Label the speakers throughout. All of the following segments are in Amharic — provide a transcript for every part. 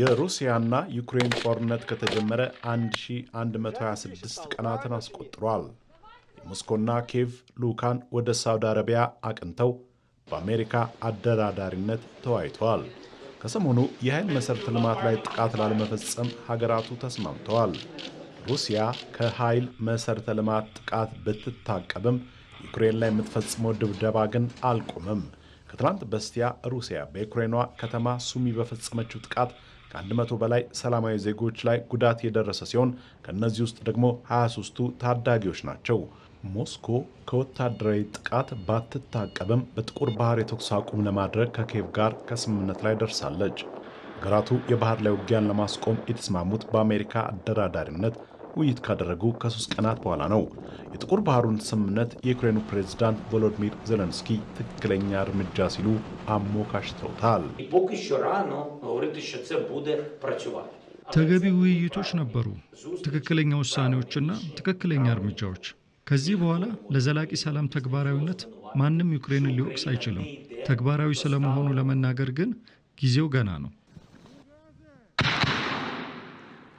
Speaker 1: የሩሲያና ዩክሬን ጦርነት ከተጀመረ 1126 ቀናትን አስቆጥሯል። የሞስኮና ኪየቭ ልዑካን ወደ ሳውዲ አረቢያ አቅንተው በአሜሪካ አደራዳሪነት ተወያይተዋል። ከሰሞኑ የኃይል መሠረተ ልማት ላይ ጥቃት ላለመፈጸም ሀገራቱ ተስማምተዋል። ሩሲያ ከኃይል መሠረተ ልማት ጥቃት ብትታቀብም ዩክሬን ላይ የምትፈጽመው ድብደባ ግን አልቆምም። ከትላንት በስቲያ ሩሲያ በዩክሬኗ ከተማ ሱሚ በፈጸመችው ጥቃት ከ100 በላይ ሰላማዊ ዜጎች ላይ ጉዳት የደረሰ ሲሆን ከእነዚህ ውስጥ ደግሞ 23ቱ ታዳጊዎች ናቸው። ሞስኮ ከወታደራዊ ጥቃት ባትታቀብም በጥቁር ባህር የተኩስ አቁም ለማድረግ ከኬቭ ጋር ከስምምነት ላይ ደርሳለች። ሀገራቱ የባህር ላይ ውጊያን ለማስቆም የተስማሙት በአሜሪካ አደራዳሪነት ውይይት ካደረጉ ከሶስት ቀናት በኋላ ነው። የጥቁር ባህሩን ስምምነት የዩክሬኑ ፕሬዝዳንት ቮሎዲሚር ዘለንስኪ ትክክለኛ እርምጃ ሲሉ አሞካሽተውታል።
Speaker 2: ተገቢ ውይይቶች ነበሩ፣ ትክክለኛ ውሳኔዎችና ትክክለኛ እርምጃዎች። ከዚህ በኋላ ለዘላቂ ሰላም ተግባራዊነት ማንም ዩክሬንን ሊወቅስ አይችልም። ተግባራዊ ስለመሆኑ ለመናገር ግን ጊዜው ገና ነው።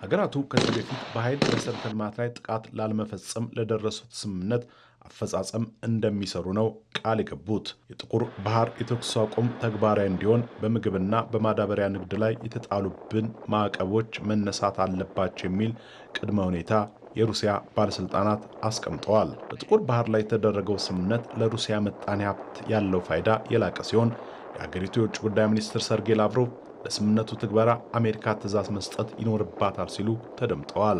Speaker 1: ሀገራቱ ከዚህ በፊት በኃይል መሰረተ ልማት ላይ ጥቃት ላለመፈጸም ለደረሱት ስምምነት አፈጻጸም እንደሚሰሩ ነው ቃል የገቡት። የጥቁር ባህር የተኩስ አቁም ተግባራዊ እንዲሆን በምግብና በማዳበሪያ ንግድ ላይ የተጣሉብን ማዕቀቦች መነሳት አለባቸው የሚል ቅድመ ሁኔታ የሩሲያ ባለሥልጣናት አስቀምጠዋል። በጥቁር ባህር ላይ የተደረገው ስምምነት ለሩሲያ ምጣኔ ሀብት ያለው ፋይዳ የላቀ ሲሆን የአገሪቱ የውጭ ጉዳይ ሚኒስትር ሰርጌይ ላቭሮቭ ለስምምነቱ ትግበራ አሜሪካ ትዕዛዝ መስጠት ይኖርባታል ሲሉ ተደምጠዋል።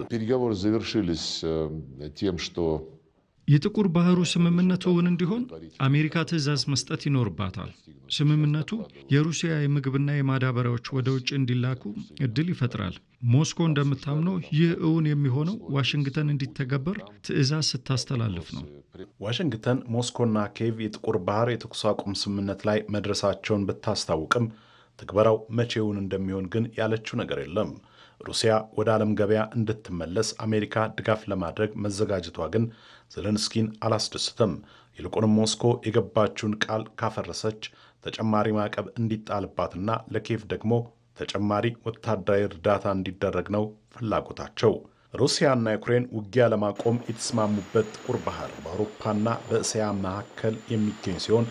Speaker 2: የጥቁር ባህሩ ስምምነቱ እውን እንዲሆን አሜሪካ ትዕዛዝ መስጠት ይኖርባታል። ስምምነቱ የሩሲያ የምግብና የማዳበሪያዎች ወደ ውጭ እንዲላኩ እድል ይፈጥራል። ሞስኮ እንደምታምነው ይህ እውን የሚሆነው ዋሽንግተን እንዲተገበር ትእዛዝ ስታስተላልፍ ነው።
Speaker 1: ዋሽንግተን፣ ሞስኮና ኬቭ የጥቁር ባህር የተኩስ አቁም ስምምነት ላይ መድረሳቸውን ብታስታውቅም ትግበራው መቼውን እንደሚሆን ግን ያለችው ነገር የለም። ሩሲያ ወደ ዓለም ገበያ እንድትመለስ አሜሪካ ድጋፍ ለማድረግ መዘጋጀቷ ግን ዘለንስኪን አላስደስትም። ይልቁንም ሞስኮ የገባችውን ቃል ካፈረሰች ተጨማሪ ማዕቀብ እንዲጣልባትና ለኪየቭ ደግሞ ተጨማሪ ወታደራዊ እርዳታ እንዲደረግ ነው ፍላጎታቸው። ሩሲያና ዩክሬን ውጊያ ለማቆም የተስማሙበት ጥቁር ባህር በአውሮፓና በእስያ መካከል የሚገኝ ሲሆን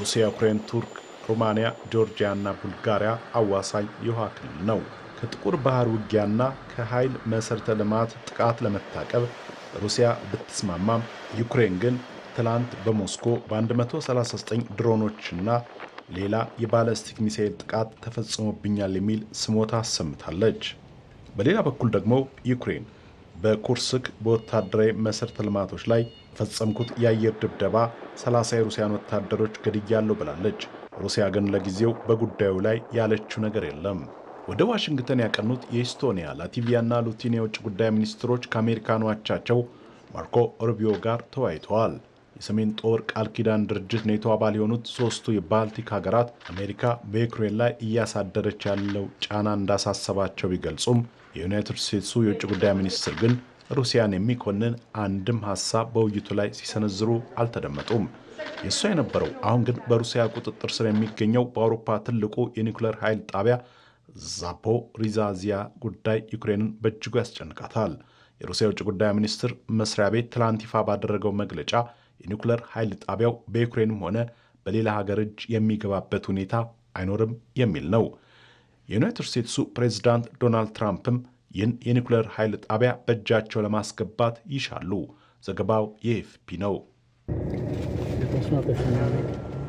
Speaker 1: ሩሲያ፣ ዩክሬን፣ ቱርክ ሮማንያ፣ ጆርጂያ እና ቡልጋሪያ አዋሳኝ የውሃ ክልል ነው። ከጥቁር ባህር ውጊያና ከኃይል መሠረተ ልማት ጥቃት ለመታቀብ ሩሲያ ብትስማማም ዩክሬን ግን ትላንት በሞስኮ በ139 ድሮኖችና ሌላ የባለስቲክ ሚሳኤል ጥቃት ተፈጽሞብኛል የሚል ስሞታ አሰምታለች። በሌላ በኩል ደግሞ ዩክሬን በኩርስክ በወታደራዊ መሠረተ ልማቶች ላይ ፈጸምኩት የአየር ድብደባ 30 የሩሲያን ወታደሮች ገድያለሁ ብላለች። ሩሲያ ግን ለጊዜው በጉዳዩ ላይ ያለችው ነገር የለም። ወደ ዋሽንግተን ያቀኑት የኢስቶኒያ ላቲቪያና ሉቲኒያ የውጭ ጉዳይ ሚኒስትሮች ከአሜሪካኖቻቸው አቻቸው ማርኮ ሩቢዮ ጋር ተወያይተዋል። የሰሜን ጦር ቃል ኪዳን ድርጅት ኔቶ አባል የሆኑት ሶስቱ የባልቲክ ሀገራት አሜሪካ በዩክሬን ላይ እያሳደረች ያለው ጫና እንዳሳሰባቸው ቢገልጹም የዩናይትድ ስቴትሱ የውጭ ጉዳይ ሚኒስትር ግን ሩሲያን የሚኮንን አንድም ሀሳብ በውይይቱ ላይ ሲሰነዝሩ አልተደመጡም። የእሷ የነበረው አሁን ግን በሩሲያ ቁጥጥር ስር የሚገኘው በአውሮፓ ትልቁ የኒውክሌር ኃይል ጣቢያ ዛፖሪዛዚያ ጉዳይ ዩክሬንን በእጅጉ ያስጨንቃታል። የሩሲያ የውጭ ጉዳይ ሚኒስትር መስሪያ ቤት ትላንት ይፋ ባደረገው መግለጫ የኒውክሌር ኃይል ጣቢያው በዩክሬንም ሆነ በሌላ ሀገር እጅ የሚገባበት ሁኔታ አይኖርም የሚል ነው። የዩናይትድ ስቴትሱ ፕሬዚዳንት ዶናልድ ትራምፕም ይህን የኒውክሌር ኃይል ጣቢያ በእጃቸው ለማስገባት ይሻሉ። ዘገባው የኤፍፒ ነው። not the finale.